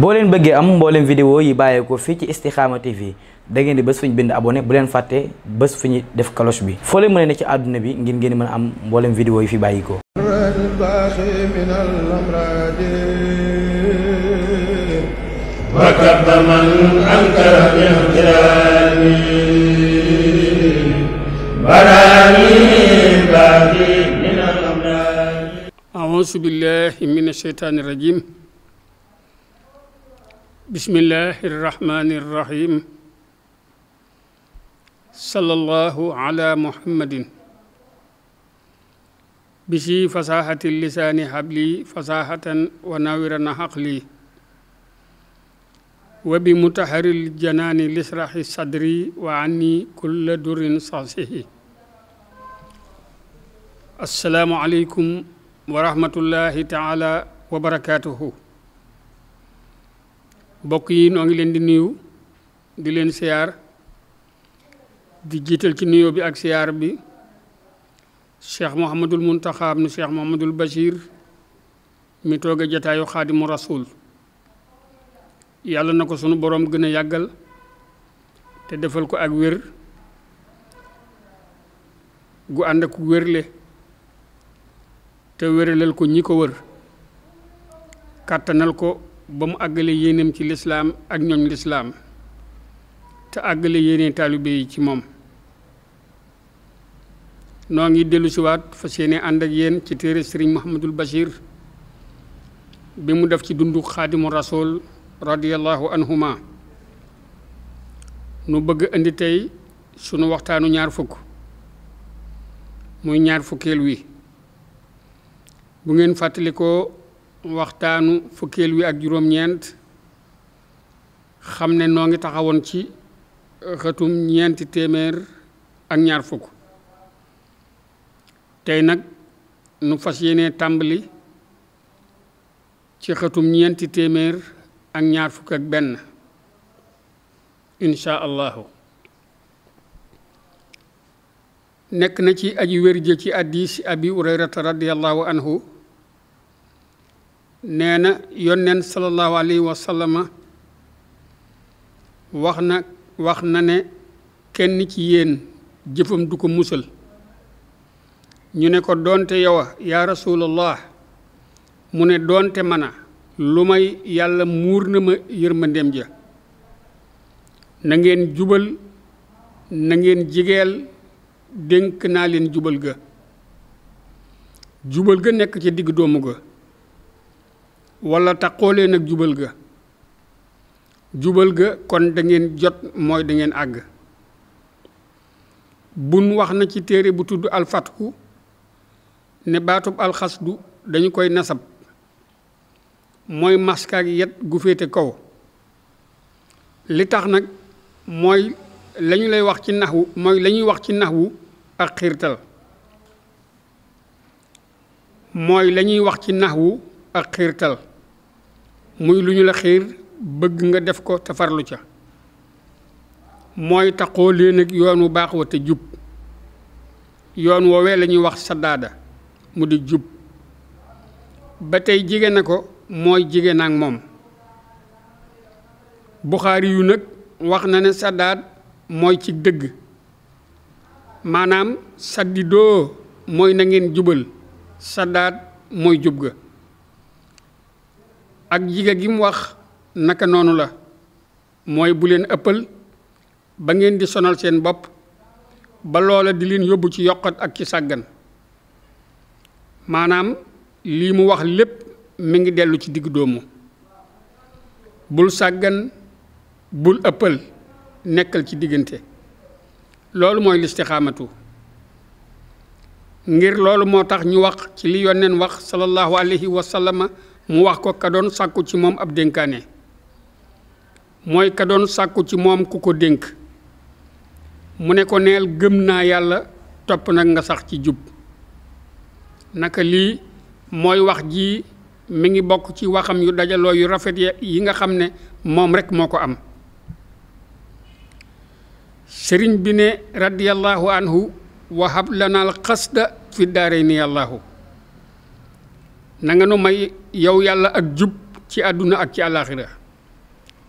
boo leen bëggee am mbooleem vidéo yi bàyyeekoo fii ci Istikhama TV da ngeen di bés fu ñu bind abonné bu leen fàtte bés fu def cloche bi foo leen mën ci àdduna bi ngir ngeen mën am mbooleem vidéo yi fi bàyyikoo aousu billahi min asheytaani rajim bismillahi irrahmani irrahim sallallahu ala muhammadin bisi fasahati lisaani habli fasahatan wa nawirana haqli wa bi mutaharil janaani lisrahi sadri wa anni kulla durin sasihi assalaamu aleykum wa rahmatullahi taala wa barakatuhu bokk yi noo ngi leen di nuyu di leen siyaar di jiital ci nuyoo bi ak siyaar bi cheikh Mouhamadul Muntaxa ibnu cheikh Mouhamadul Bachir mi toog a jataayu xaadimu rasul yàlla na ko sunu boroom gën a yàggal te defal ko ak wér gu ànd ak wérle te wéralal ko ñi ko wër kàttanal ko ba mu àggale yéeneem ci lislaam ak ñooñ lislaam te àggale yéene taalibe yi ci moom noo ngi dellusiwaat fas yéene ànd ak yéen ci téere sëriñ Mouhamadul Bachir bi mu def ci dundu xaadimu rasul radiyallahu anhuma nu bëgg indi tey sunu waxtaanu ñaar fukk muy ñaar fukkeel wi bu ngeen fàttalikoo waxtaanu fukkeel wi ak juróom-ñeent xam ne noo ngi taxawoon ci eh, xëtum ñeenti téeméer ak ñaar fukk tey nag nu fas yéene tàmbali ci xëtum ñeenti téeméer ak ñaar fukk ak benn insha allahu nekk na ci aji wér ci addis abi hurayrata radiallahu anhu nee na yonneen sallallahu alayhi wa sallama wax na wax na ne kenn ci yéen jëfam du ko musal ñu ne ko doonte yow a yaa rasulallah mu ne doonte mana lu may yàlla muur na ma yërmandeem ja na ngeen jubal na ngeen jigeel dénk naa leen jubal ga jubal ga nekk ci diggu doomu ga wala taxoo leen ak jubal ga jubal ga kon da jot mooy dangeen àgg bun wax na ci téere bu tudd alfathu ne baatub alxasdu dañu koy nasab mooy maskaak yet gu féete kaw li tax nag mooy lañu lay wax ci naxwu mooy lañuy wax ci naxwu ak xiirtal mooy lañuy wax ci naxwu ak xiirtal muy lu ñu la xiir bëgg nga def ko te farlu ca mooy taxoo leen ak yoon wu baax wa te jub yoon woowee lañuy wax saddaada mu di jub ba tey jigéen na ko mooy jigéen ak moom buxaari yu nag wax na ne saddaad mooy ci dëgg maanaam saddidoo mooy na ngeen jubal saddaad mooy jub ga ak jige gi mu wax naka noonu la mooy bu leen ëppal ba ngeen di sonal seen bopp ba loola di leen yóbbu ci yokkat ak ci sàggan maanaam lii mu wax lépp mi ngi dellu ci digg doomu bul sàggan bul ëppal nekkal ci diggante loolu mooy listixaamatu ngir loolu moo tax ñu wax ci li yonneen wax sallallahu alayhi wa sallama mu wax ko kadoon sàkku ci moom ab dénkaane mooy kadoon doon sàkku ci moom ku ko dénk mu ne ko neel gëm naa yàlla topp nag nga sax ci jub naka lii mooy wax jii mu ngi bokk ci waxam yu dajaloo yu rafet yi nga xam ne moom rekk moo ko am sëriñ bi ne radiyallahu anhu wahab lana al qasda fi daarayni na nga nu may yow yàlla ak jub ci àdduna ak ci àllaaxira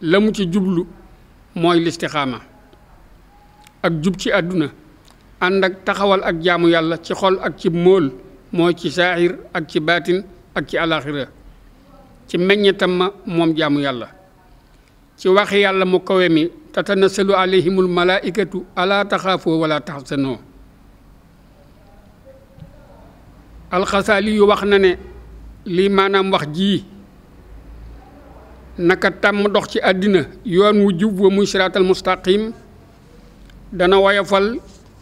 la mu ci jublu mooy listixaama ak jub ci àdduna ànd ak taxawal ak jaamu yàlla ci xol ak ci móol mooy ci saaxir ak ci baatin ak ci àllaaxira ci meññetam ma moom jaamu yàlla ci waxi yàlla mu kawe mi tatanasalu alayhimul malaaikatu alaa taxaafoo wala taxsanoo alxasaali yu wax na ne lii maanaam wax jii naka tàmm dox ci àddina yoon wu jub wa muy siraatal mustaqim dana woyofal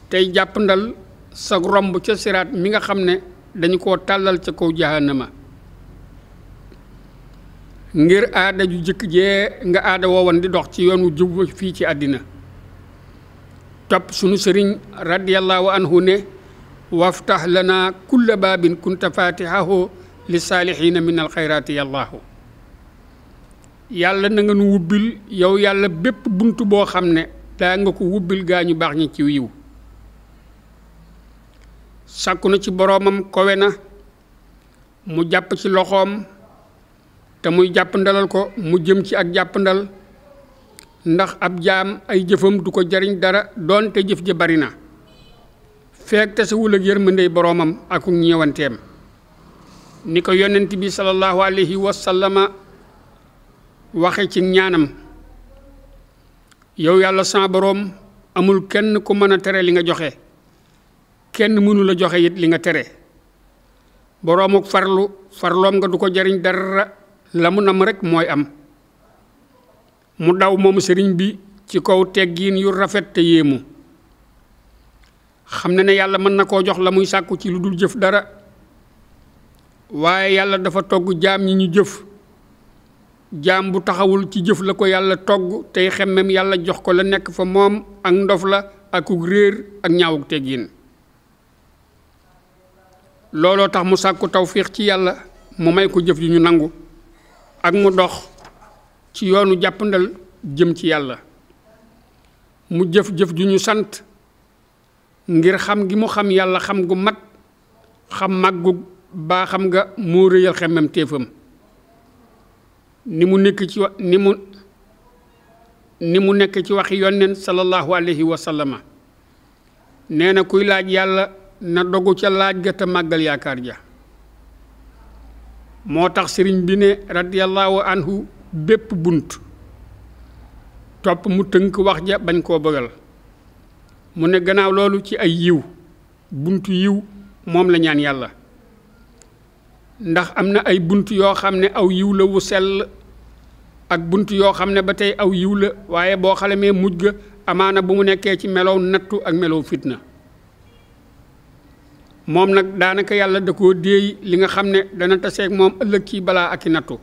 tey jàppandal sa romb ca siraat mi nga xam ne dañu ko tàllal ca kaw jahannama ngir aada ju jëkk jee nga aada woowoon di dox ci yoon wu jub wa fii ci àddina topp sunu sëriñ radiyallahu anhu ne waftax lana kulla baabin kunta faatihahoo li saalixiina min alxayraati yàllaahu yàlla na nga wubbil yow yàlla bépp bunt boo xam ne daa nga ko wubbil gaa ñu baax ñi ci yiw sàkku na ci boroomam kowe na mu jàpp ci loxoom te muy jàppandalal ko mu jëm ci ak jàppandal ndax ab jaam ay jëfam du ko jariñ dara doonte jëf ja bari na feek tasewul ak yërmandey boroomam ak ñeewanteem ni ko yonent bi sallallahu alayhi wa sallama waxe ci ñaanam yow yàlla sa boroom amul kenn ku mën a tere li nga joxe kenn mënula joxe it li nga tere boroomuk farlu farloom nga du ko jariñ dara la mu nam rekk mooy am mu daw moom sëriñ bi ci kaw teggiin yu rafet te yéemu xam na ne yàlla mën na koo jox la muy sàkku ci lu dul jëf dara waaye yàlla dafa togg jaam yi ñu jëf jaam bu taxawul ci jëf la ko yàlla togg tey xemmem yàlla jox ko la nekk fa moom ak ndof la akuk réer ak ñaawuk teggiin looloo tax mu sàkku tawfiix ci yàlla mu may ko jëf yu ñu nangu ak mu dox ci yoonu jàppandal jëm ci yàlla mu jëf-jëf ju ñu sant ngir xam gi mu xam yàlla xam gu mat xam màggu baaxam nga moo réyal xemmem téefam ni mu nekk ci ni mu ni mu nekk ci waxi yonneen sallallahu alayhi wa sallama nee na kuy laaj yàlla na dogu ca laaj ga te màggal yaakaar ja moo tax sëriñ bi ne radiyallahu anhu bépp bunt topp mu tënk wax ja bañ koo bëggal mu ne gannaaw loolu ci ay yiw buntu yiw moom la ñaan yàlla ndax am na ay bunt yoo xam ne aw yiw la wu sell ak bunt yoo xam ne ba tey aw yiw la waaye boo xalemee mujj ga amaana bu mu nekkee ci melow nattu ak melow fitna moom nag daanaka yàlla da koo déey li nga xam ne dana taseeg moom ëllëg ci balaa ak i nattu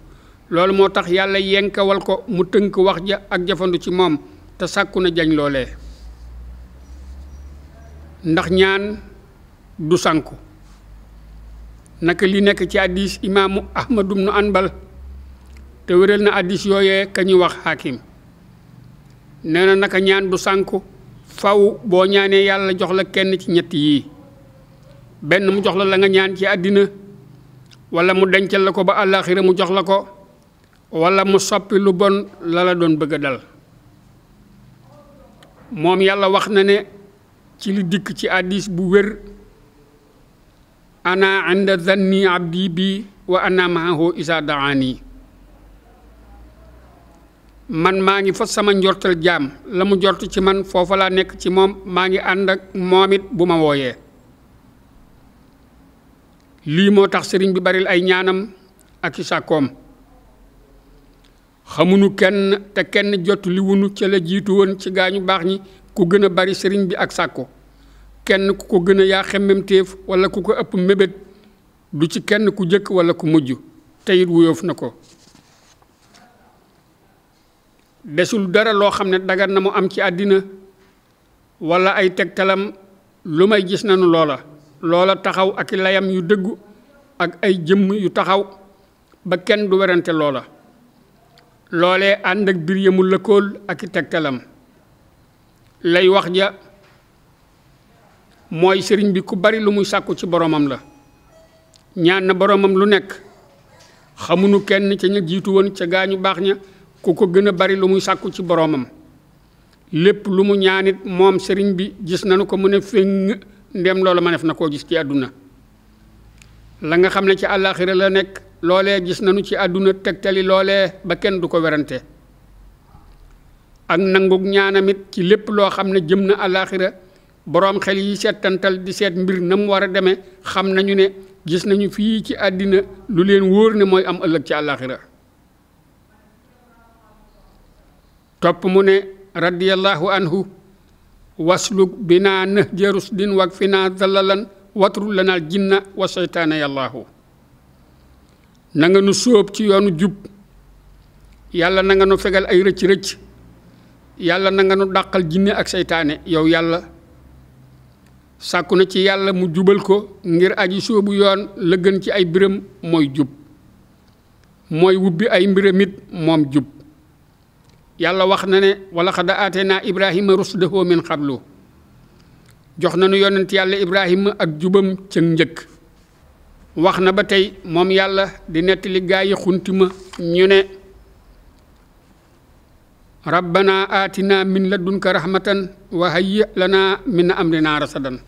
loolu moo tax yàlla yenkawal ko mu tënk wax ja ak jafandu ci moom te sàkku na jañ loolee ndax ñaan du sànku naka li nekk ci addis imaamu ahmad ibnu anbal te wéral na addis yooyee ka wax xaakim nee na naka ñaan du sànku faw boo ñaanee yàlla jox la kenn ci ñett yii benn mu jox la la nga ñaan ci àddina wala mu dencal la ko ba àllaaxira mu jox la ko walla mu soppi lu bon la la doon bëgg a dal moom yàlla wax na ne ci li dikk ci addis bu wér ana inda zanni abdi bi wa ana maahu isa daani man maa ngi fa sama njortal jaam la mu jort ci man foofa laa nekk ci moom maa ngi ànd ak moom it bu ma wooyee lii moo tax sëriñ bi baril ay ñaanam ak i sàkkoom xamunu kenn te kenn jot li wunu ca la jiitu woon ci gaañu baax ñi ku gën a bari sëriñ bi ak sàkko kenn ku ko gën a yaa xemmemteef wala ku ko ëpp mébét du ci kenn ku jëkk wala ku mujj teyit wuyoof na ko desul dara loo xam ne dagan na mu am ci àddina wala ay tegtalam lu may gis nañu loola loola taxaw ak layam yu dëggu ak ay jëmm yu taxaw ba kenn du werante loola loolee ànd ak bir lëkkool ak i tegtalam lay wax ja mooy sëriñ bi ku bari lu muy sàkku ci boromam la ñaan na boromam lu nekk xamuñu kenn ca ña jiitu woon ca gaañu baax ña ku ko gën a bari lu muy sàkku ci boromam lépp lu mu ñaanit moom sëriñ bi gis nañu ko mu ne feng ndem loola ma def na koo gis ci àdduna la nga xam ne ci àllaaxira la nekk loole gis nañu ci àdduna tegtali loole ba kenn du ko werante ak nangug ñaanamit ci lépp loo xam ne jëm na àllaaxira boroom xel yi seetantal di seet mbir na mu war a deme xam nañu ne gis nañu fii ci àddina lu leen wóor ne mooy am ëllëg ci àllaaxira topp mu ne radiyallahu anhu wasluk bi naa nëx jërus din wag fi naa dalalan watru lanaal jinna wa seytaana yàllaahu nu sóob ci yoonu jub yàlla na nga nu fegal ay rëcc rëcc yàlla na nga nu dàqal jinne ak seytaane yow yàlla sàkku na ci yàlla mu jubal ko ngir aji soobu yoon la gën ci ay biram mooy jub mooy wubbi ay mbiramit moom jub yàlla wax na ne wala xad aateynaa ibrahima rusdahu min xablu jox na nañu yonent yàlla ibrahima ak jubam ca njëkk wax na ba tey moom yàlla di nettali gaa yi xuntima ñu ne rabbana aatina min laddunka rahmatan wa la lana min amrina rasadan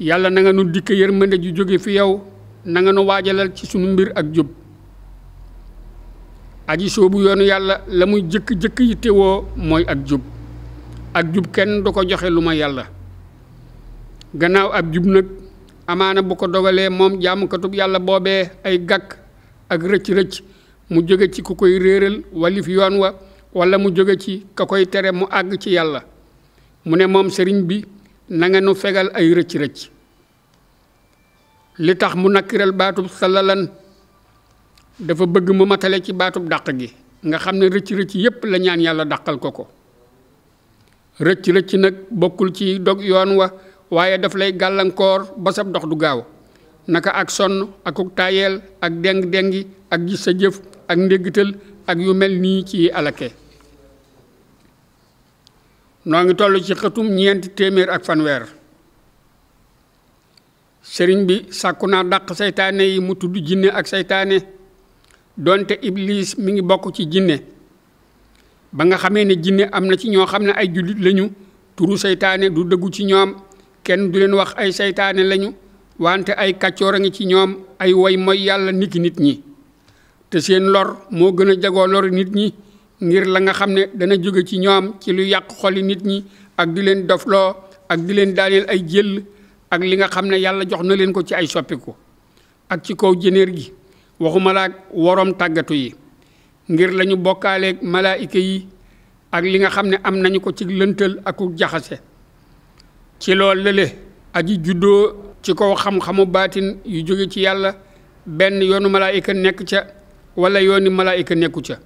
yàlla na nga nu dikk yërmande ju jóge fi yow nanga nu waajalal ci sunu mbir ak jub aji soobu yoonu yàlla la muy jëkk-jëkk yi téwoo mooy ak jub ak jub kenn du ko joxe lu ma yàlla gannaaw ab jub nag amaana bu ko dogalee moom jaamukatub yàlla boobee ay gàkk ak rëcc-rëcc mu jóge ci ku koy réeral walif yoon wa wala mu jóge ci ka koy tere mu àgg ci yàlla mu ne moom sëriñ bi na nga nu fegal ay rëcc-rëcc li tax mu nakkiral baatub salalan dafa bëgg mu matale ci baatub dàq gi nga xam ne rëcc-rëcc yépp la ñaan yàlla dàqal ko ko rëcc-rëcc nag bokkul ci dog yoon wa waaye daf lay gàllankoor ba sab dox du gaaw naka ak sonn akuk taayeel ak déng-déngi ak gis sa jëf ak ndéggital ak yu mel nii ci alake noo ngi toll ci xëtum ñeenti téeméer ak fanweer sëriñ bi sàkku naa dàq seytaane yi mu tudd jinne ak seytaane doonte iblis mi ngi bokk ci jinne ba nga xamee ne jinne am na ci ñoo xam ne ay jullit lañu turu seytaane du dëggu ci ñoom kenn du leen wax ay saytaane lañu wante ay kàccoor a ngi ci ñoom ay woy moy yàlla niki nit ñi te seen lor moo gën a jagoo lor nit ñi ngir la nga xam ne dana jóge ci ñoom ci lu yàq xoli nit ñi ak di leen dofloo ak di leen daaneel ay jël ak li nga xam ne yàlla jox na leen ko ci ay soppiku ak ci kaw jëneer gi waxuma la ak woroom tàggatu yi ngir lañu bokkaaleeg malaayika yi ak li nga xam ne am nañu ko ci lëntal ak jaxase ci lool lële aji juddoo ci kaw xam-xamu baatin yu jóge ci yàlla benn yoonu malaayika nekk ca wala yooni malaayika nekku ca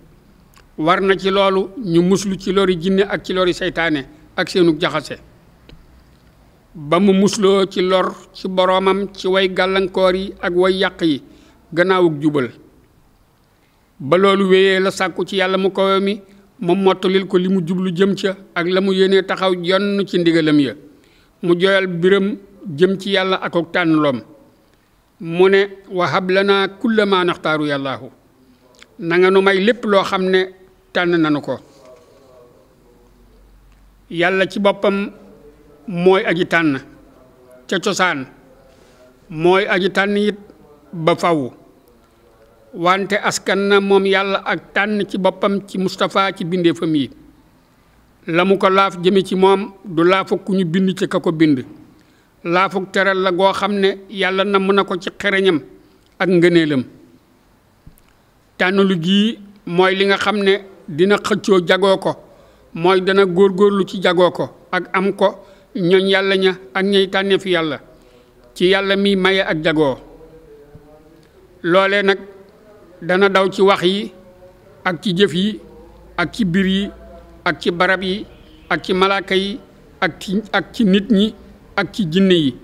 war na ci loolu ñu muslu ci lori jinne ak ci lori seytaane ak seenu jaxase ba mu musloo ci lor ci boroomam ci way gàllankoor yi ak way yàq yi gannaawug jubal ba loolu wéyee la sàkku ci yàlla mu kawe mi mu mottalil ko li mu jublu jëm ca ak la mu yéenee taxaw jonn ci ndigalam ya mu joyal biram jëm ci yàlla ak ak tànn loom mu ne wahab lanaa kulla maa naxtaaru yàllaahu nanga nu may lépp loo xam ne tànn nanu ko yàlla ci boppam mooy aji tànn ca cosaan mooy aji tànn it ba faw wante askan na moom yàlla ak tànn ci boppam ci mustafaa ci bindeefam yi la mu ko laaf jëme ci moom du laafuk ku ñu bind ci ka ko bind laafuk teral la goo xam ne yàlla namm na ko ci xereñam ak ngëneelam tànnalu gii mooy li nga xam ne dina xëccoo jagoo ko mooy dana góor góorlu ci jagoo ko ak am ko ñoñ yàlla ña ak ñay tànnee yàlla ci yàlla mi maye ak jagoo loole nag dana daw ci wax yi ak ci jëf yi ak ci biir yi ak ci barab yi ak ci malaaka yi ak ci nit ñi ak ci jinne yi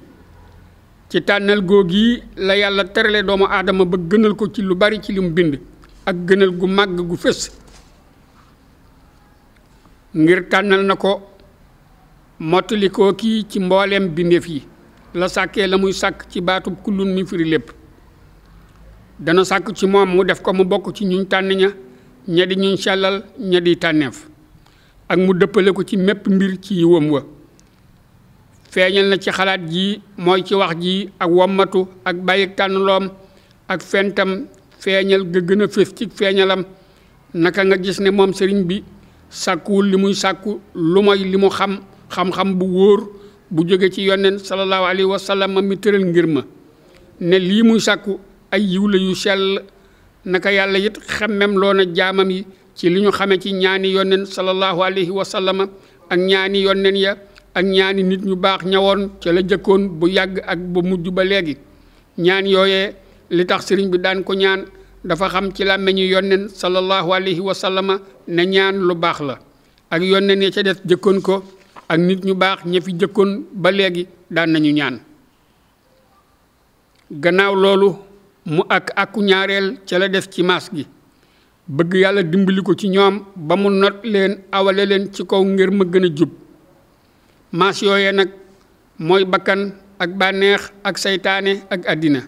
ci tànnal googu yi la yàlla terale doomu aadama ba gënal ko ci lu bari ci li mu ak gënal gu màgg gu fës ngir tànnal na ko mottali koo kii ci mbooleem bindeef yi la sàkkee la muy sàkk ci baatu kullun mi firi lépp dana sàkk ci moom mu def ko mu bokk ci ñuñ tànn ña ña di ñuñ sellal ña tànneef ak mu dëppale ko ci mépp mbir ci yiwam wa feeñal na ci xalaat ji mooy ci wax ji ak wommatu ak bàyyi tànn ak fentam feeñal nga gën a fés ci feeñalam naka nga gis ne moom sëriñ bi sàkkuwul li muy sàkku lu mooy li mu xam xam-xam bu wóor bu jóge ci yonent sallallahu alayhi wa sallam mi tëral ngir ma ne lii muy sàkku ay yiw la yu sell naka yàlla it xemmem loona jaamam yi ci li ñu xame ci ñaani yonent sallallahu alayhi wa sallam ak ñaani yonent ya ak ñaani nit ñu baax ñawoon ca la jëkkoon bu yàgg ak ba mujj ba léegi ñaan yooyee li tax sëriñ bi daan ko ñaan dafa xam ci làmmeñu yónneen sallallahu alayhi wa sallama ne ñaan lu baax la ak yónneen ya ca des jëkkoon ko ak nit ñu baax ña fi jëkkoon ba léegi daan nañu ñaan gannaaw loolu mu ak àkku ñaareel ca la des ci maas gi bëgg yàlla dimbali ko ci ñoom ba mu not leen awale leen ci kaw ngir ma gën a jub maas yooye nag mooy bakkan ak bànneex ak seytaane ak àddina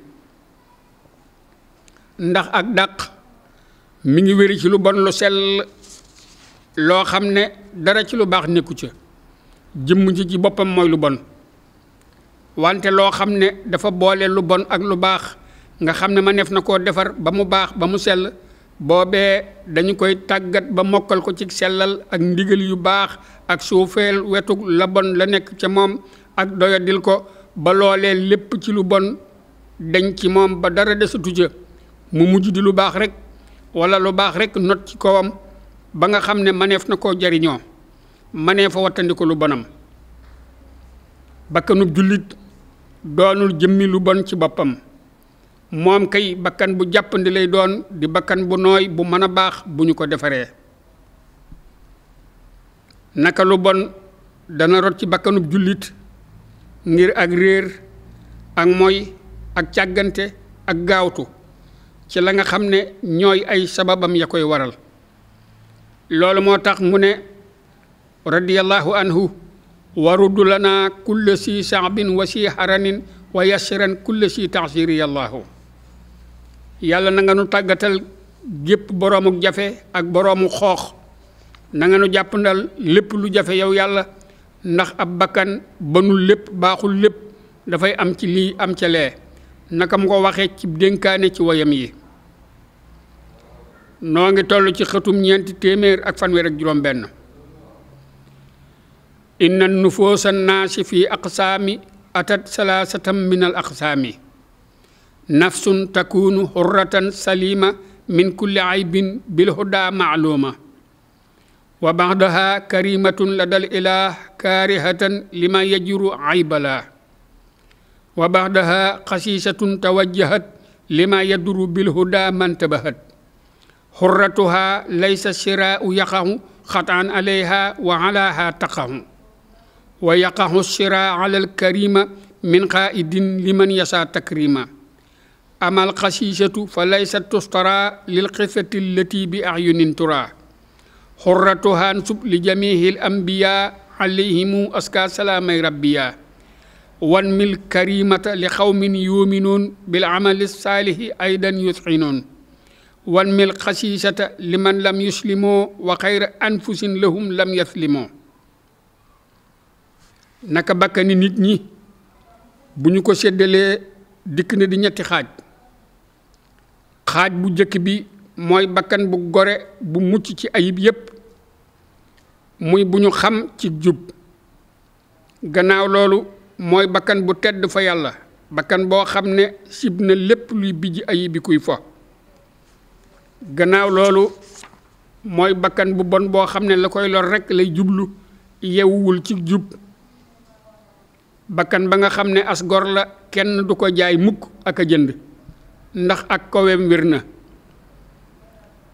ndax ak dàq mu ngi wéri ci lu bon lu sell loo xam ne dara ci lu baax nekku ca jëmm ji ci boppam mooy lu bon wante loo xam ne dafa boole lu bon ak lu baax nga xam ne ma neef na koo defar ba mu baax ba mu sell boobee dañu koy tàggat ba mokkal ko ci sellal ak ndigal yu baax ak suufeel wetu la bon la nekk ca moom ak doyadil ko ba loolee lépp ci lu bon dañ ci moom ba dara desatu ca mu mujj di lu baax rek walla lu baax rek not ci kawam ba nga xam ne maneef na koo jariñoo maneef a wattandiku lu bonam bakkanub jullit doonul jëmmi lu bon ci boppam moom kay bakkan bu jàppandi lay doon di bakkan bu nooy bu mën a baax bu ñu ko defaree naka lu bon dana rot ci bakkanub jullit ngir ak réer ak moy ak càggante ak gaawtu ci la nga xam ne ñooy ay sababam ya koy waral loolu moo tax mu ne radiyallahu anhu waruddu lana kulla si saabin wa si haranin wa yassiran kulla si taxsiri yàlla na nga nu tàggatal gépp boroomu jafe ak boroomu xoox na nga nu jàppandal lépp lu jafe yow yàlla ndax ab bakkan banul lépp baaxul lépp dafay am ci lii am ca lee naka mu ko waxee ci dénkaane ci wayam yi noo ngi toll ci xëtum ñeenti téeméer ak fanweer ak juróom benn inna nufuusa naasi fi aqsaami atat salaasatan min al aqsaami nafsun takunu hurratan salima min kulli aybin bil huda maaluma wa baxdaha karimatun ladal ilah kaarihatan lima yajuru aybala wa baxdaha xasiisatun tawajjahat lima yaduru bil mantabahat xurratuha laysa shiraau yaqahu xataan alayha wa alaha taqahu wa yaqahu shira ala alkarima min qaidin liman yasa takrima ama alxasiisatu fa laysat tustara lilxisati allati bi ayunin tura xurratuha nsub li jamihi alambiya alayhimu aska salaamay rabbiya wan mil karimata li xawmin yuminoon bil amali saalihi aydan yutxinoon wan mil xasiisata liman lam limo wa xayra anfusin lahum lam yaslimoo naka bakkani nit ñi bu ñu ko seddalee dikk na di ñetti xaaj xaaj bu jëkk bi mooy bakkan bu gore bu mucc ci ayib yépp muy bu ñu xam ci jub gannaaw loolu mooy bakkan bu tedd fa yàlla bakkan boo xam ne sib na lépp luy bijj ayib bi kuy fo gannaaw loolu mooy bakkan bu bon boo xam ne la koy lor rekk lay jublu yewwul ci jub bakkan ba nga xam ne as gor la kenn du ko jaay mukk ak a jënd ndax ak koweem wér na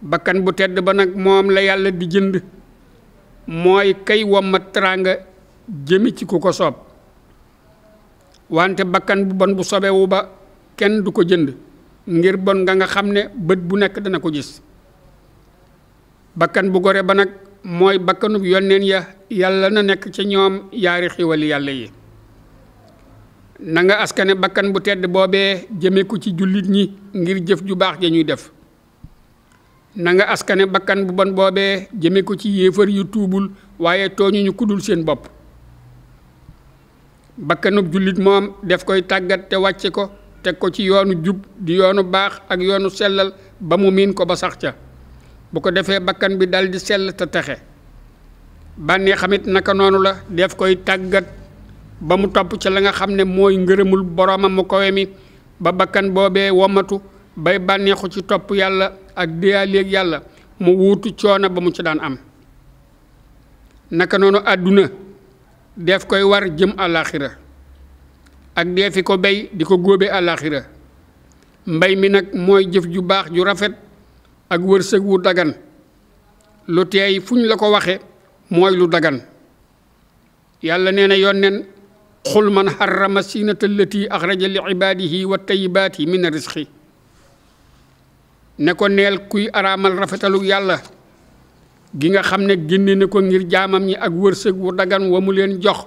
bakkan bu tedd ba nag moom la yàlla di jënd mooy kay wommat teraanga jëmi ci ku ko soob wante bakkan bu bon bu sobewu ba kenn du ko jënd ngir bon nga nga xam ne bët bu nekk dana ko gis bakkan bu gore ba nag mooy bakkanub yonneen ya yàlla na nekk ci ñoom yaari xiwali yàlla yi nanga askane bakkan bu tedd boobee jëme ko ci jullit ñi ngir jëf ju baax ja ñuy def na nga askane bakkan bu bon boobee jëme ko ci yéefar yu tuubul waaye tooñuñu kudul seen bopp bakkanub jullit moom def koy tàggat te wàcce ko teg ko ci yoonu jub di yoonu baax ak yoonu sellal ba mu miin ko ba sax ca bu ko defee bakkan bi dal di sell te texe bànnee xamit naka noonu la def koy tàggat ba mu topp ca la nga xam ne mooy ngërëmul boromam mu kowe mi ba bakkan boobee womatu bay bànneexu ci topp yàlla ak déyaaleeg yàlla mu wuutu coono ba mu ci daan am naka noonu àdduna def koy war jëm àllaaxira ak dee fi ko bay di ko góobe àllaaxira mbay mi nag mooy jëf ju baax ju rafet ak wërsëg wu dagan lu teey fuñ la ko waxe mooy lu dagan yàlla nee na yonneen xul man xarama siinata allati axraja li ibaadihi wa yi mi min risqi ne ko neel kuy araamal rafetalu yàlla gi nga xam ne génne na ko ngir jaamam ñi ak wërsëg wu dagan wa mu leen jox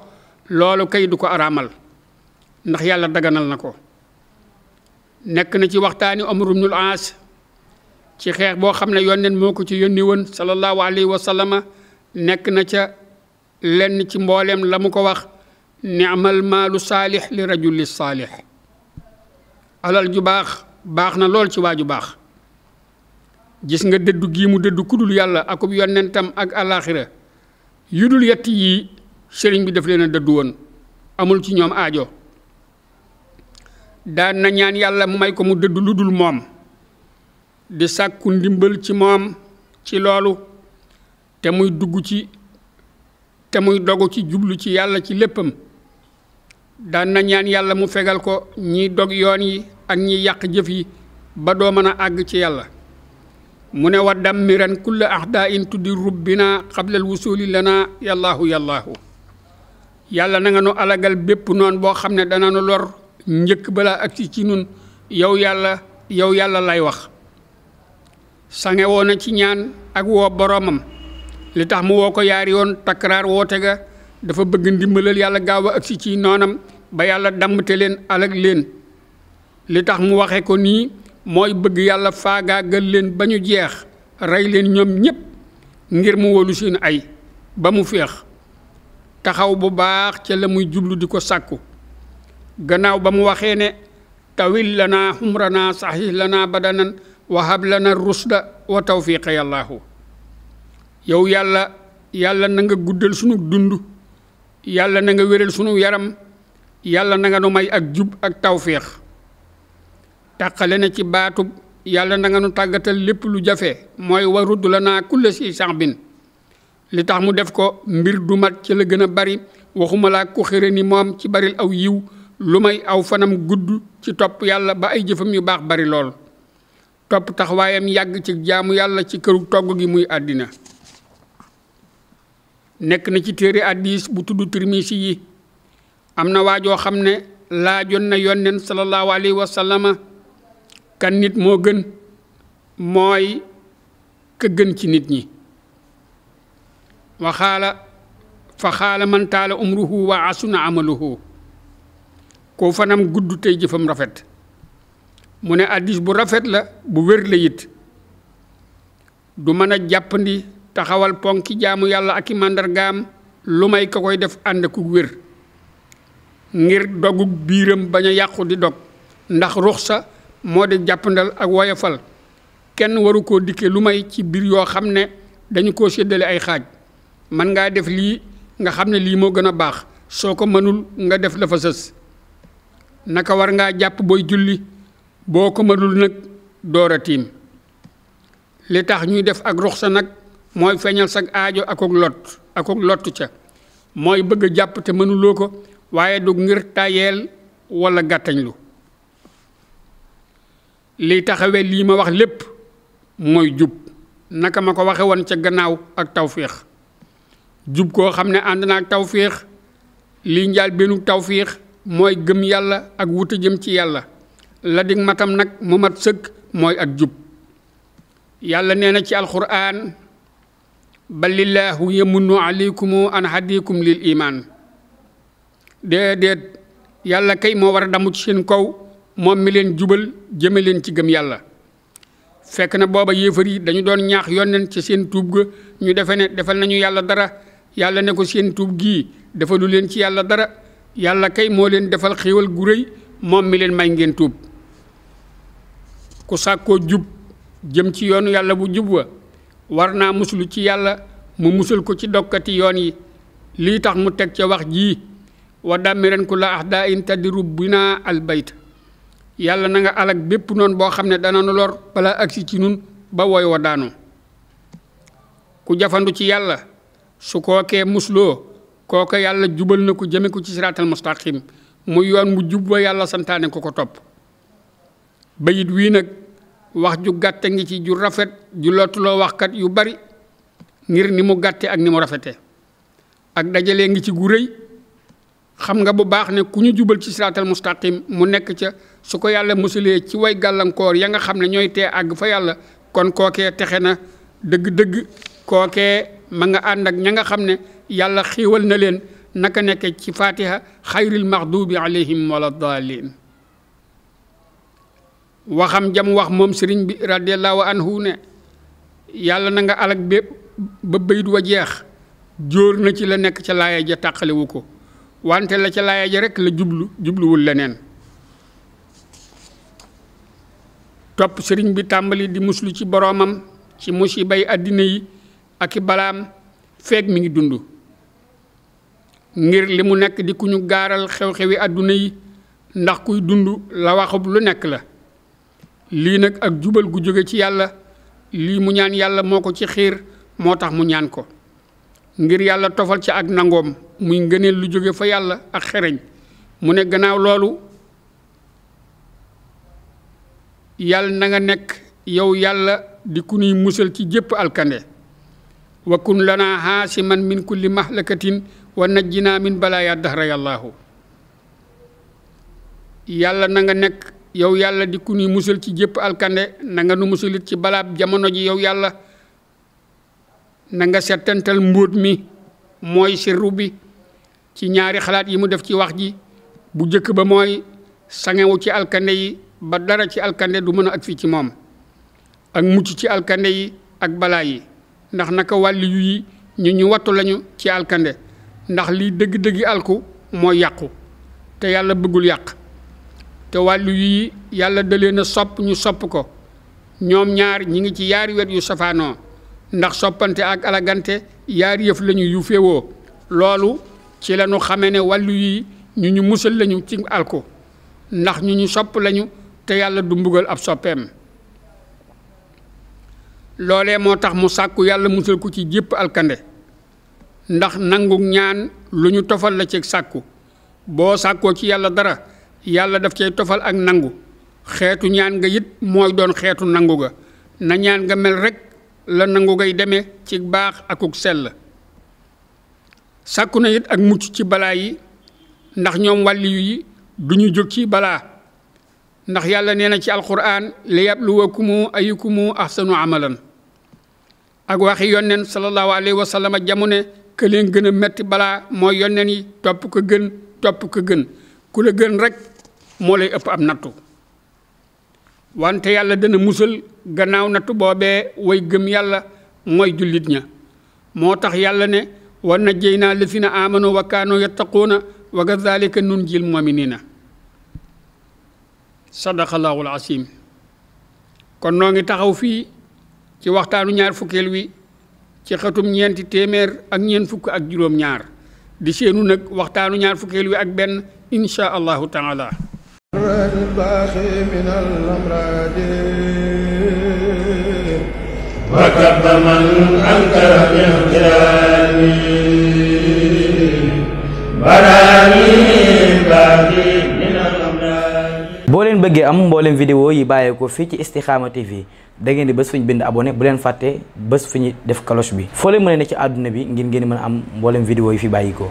loolu kay du ko araamal ndax yàlla daganal na ko nekk na ci waxtaani Amru ibnul Aas ci xeex boo xam ne yónneen moo ko ci yónni woon sallallahu alayhi wa sallama nekk na ca lenn ci mbooleem la mu ko wax ni'mal maalu saalix li rajuli saalix alal ju baax baax na lool ci waa ju baax gis nga dëddu gii mu dëddu kudul yàlla akub yónneentam ak alaaxira yu dul yett yii sëriñ bi daf leen a dëddu woon amul ci ñoom aajo daan na ñaan yàlla mu may ko mu dëdd lu dul moom di sàkku ndimbal ci moom ci loolu te muy dugg ci te muy dogu ci jublu ci yàlla ci léppam daan na ñaan yàlla mu fegal ko ñiy dog yoon yi ak ñiy yàq jëf yi ba doo mën a àgg ci yàlla mu ne wa dammiran kulla ahda in tuddi rubbina xablal wusuli lana yàllaahu yàllaahu yàlla na nga nu alagal bépp noon boo xam ne dana nu lor njëkk balaa agsi ci nun yow yàlla yow yàlla lay wax sange woo na ci ñaan ak woo boroomam li tax mu woo ko yaar yoon takkaraar woote ga dafa bëgg ndimbalal yàlla gaaw a agsi ci noonam ba yàlla dammte leen alag leen li tax mu waxe ko nii mooy bëgg yàlla faagaagal leen ba ñu jeex rey leen ñoom ñépp ngir mu wolu seen ay ba mu féex taxaw bu baax ca la muy jublu di ko sàkku gannaaw ba mu waxee ne tawil lanaa xumranaa saxih lanaa badanan wahab lana rusda wa tawfiqa yow yàlla yàlla na nga guddal sunu dund yàlla na nga wéral sunu yaram yàlla na nga nu may ak jub ak tawfiq taqale na ci baatub yàlla na nga nu tàggatal lépp lu jafe mooy warud lanaa kulla si saxbin li tax mu def ko mbir du mat ci la gën a bari waxuma laa ku xëre ni moom ci baril aw yiw lu may aw fanam gudd ci topp yàlla ba ay jëfam yu baax bari lool topp tax waayam yàgg ci jaamu yàlla ci këru togg gi muy àddina nekk na ci téere addis bu tudd tirmisi yi am na waajoo xam ne laajoon na yonneen sallallahu alayhi wa sallama kan nit moo gën mooy ka gën ci nit ñi waxaala fa xaala man taala umruhu na asuna amaluhu koo fanam gudd tey jëfam rafet mu ne addis bu rafet la bu wér la it du mën a jàppandi taxawal ponki jaamu yàlla ak i màndargaam lu may ko koy def ànd ku wér ngir dogug biiram bañ a yàqu di dog ndax sa moo di jàppandal ak woyofal kenn waru koo dikke lu may ci biir yoo xam ne dañu koo séddale ay xaaj mën ngaa def lii nga xam ne lii moo gën a baax soo ko mënul nga def la fa sës naka war ngaa jàpp booy julli boo ko mënul nag dooratiim li tax ñuy def ak sa nag mooy feeñal sag aajo akuk lot akuk lottu ca mooy bëgg a jàpp te mënuloo ko waaye du ngir tayeel walla gàttañlu li taxawe lii ma wax lépp mooy jub naka ma ko waxe woon ca gannaaw ak tawféex jub koo xam ne ànd na ak tawféex lii njaal bennu tawféex mooy gëm yàlla ak wuta jëm ci yàlla la dig matam nag mu mat sëkk mooy ak jub yàlla nee na ci alquran balillahu yamunnu aleykumu an hadikum lil iman déedéet yàlla kay moo war a damu ci seen kaw moom mi leen jubal jëme leen ci gëm yàlla fekk na booba yéefar yi dañu doon ñaax yonent ci seen tuub ga ñu defe ne defal nañu yàlla dara yàlla ne ko seen tuub gii defalu leen ci yàlla dara yàlla kay moo leen defal xéewal gu rëy moom mi leen may ngeen tuub ku sàkkoo jub jëm ci yoonu yàlla bu jub wa war naa musul ci yàlla mu musal ko ci dokkati yoon yi lii tax mu teg ca wax ji wa dàmmiran ku la ahda in tadiru bina albayt yàlla na nga alag bépp noon boo xam ne dana nu lor balaa agsi ci nun ba woy wa daanu ku jafandu ci yàlla su kookee musloo kooka yàlla jubal na ko jëme ko ci siraatal mustaqim mu yoon mu jub ba yàlla santaane ko ko topp bayit wii nag wax ju gàtte ngi ci ju rafet ju lottuloo waxkat yu bari ngir ni mu gàtte ak ni mu rafete ak dajalee ngi ci gu rëy xam nga bu baax ne ku ñu jubal ci siraatal mustaqim mu nekk ca su ko yàlla musalee ci way gàllankoor ya nga xam ne ñooy tee àgg fa yàlla kon kookee texe na dëgg-dëgg kookee ma nga ànd ak ña nga xam ne yàlla xiiwal na leen naka nekk ci fatiha xayril maxdubi alayhim wala daalin waxam jam wax moom sëriñ bi radiallahu anhu ne yàlla na nga alag bé ba bayit wa jeex jóor na ci la nekk ca laaya ja tàqalewu ko wante la ca laaya ja rekk la jublu jubluwul leneen topp sëriñ bi tàmbali di muslu ci boroomam ci musibay àddina yi ak i balaam feeg mi ngi dund ngir li mu nekk di ku ñu gaaral xew-xewi àdduna yi ndax kuy dund la lu nekk la lii nag ak jubal gu jóge ci yàlla lii mu ñaan yàlla moo ko ci xiir moo tax mu ñaan ko ngir yàlla tofal ci ak nangoom muy ngëneel lu jóge fa yàlla ak xereñ mu ne gannaaw loolu yàlla nanga nekk yow yàlla di ku nuy musal ci jépp alkande wa kun lanaa haasiman min kulli mahlakatin wa jinaa min balaayaa dahra yàllaahu yàlla na nga nekk yow yàlla di ku ñuy musal ci jépp alkande na nga nu musalit ci balaab jamono ji yow yàlla na nga settantal mbóot mi mooy sirru bi ci ñaari xalaat yi mu def ci wax ji bu jëkk ba mooy sangewu ci alkande yi ba dara ci alkande du mën a ak fii ci moom ak mucc ci alkande yi ak balaa yi ndax naka wàlli yu yi ñu ñu wattu lañu ci alkande ndax lii dëgg-dëggi alku mooy yàqu te yàlla bëggul yàq te wàllu yi yàlla da leen a sopp ñu sopp ko ñoom ñaar ñi ngi ci yaar wet yu safaanoo ndax soppante ak alagante yaar yëf lañu yu féewoo loolu ci la xame xamee ne wàllu yi ñu ñu musal lañu ci alku ndax ñu ñu sopp lañu te yàlla du mbugal ab soppeem loolee moo tax mu sàkku yàlla musal ku ci jépp alkande ndax nangu ñaan lu ñu tofal la ci sàkku boo sàkkoo ci yàlla dara yàlla def cay tofal ak nangu xeetu ñaan nga it mooy doon xeetu nangu ga na ñaan nga mel rek la nangu ngay demee ci baax akuk sell sàkku na yit ak mucc ci balaa yi ndax ñoom wàlliyu yi du ñu jóg ci balaa ndax yàlla nee na ci alquran li yabluwakumu ayukumu ahsanu amalan ak waxi yonneen sallallahu alayhi wa sallam jamu ne ke leen gën a metti balaa mooy yoneen yi topp ko gën topp ko gën ku la gën rek moo lay ëpp am nattu wante yàlla dana musal gannaaw nattu boobee way gëm yàlla mooy jullit ña moo tax yàlla ne war na jëy naa lësina amano wa kaano yattaquuna wa kazalika nun jil muminina sadaqallahul asim kon noo ngi taxaw fii ci waxtaanu ñaar fukkeel wi ci xatum ñeenti téeméer ak ñeent fukk ak juróom-ñaar di seenu nag waxtaanu ñaar fukkeel wi ak benn insha allahu taala min boo leen bëggee am mbooleem vidéo yi bàyyeekoo fii ci Istikhama TV da ngeen di bés bind abone bu leen fàttee bés fu ñu def cloche bi foo leen mën ne ci àdduna bi ngir ngeen mën am mbooleem vidéo yi fi bàyyikoo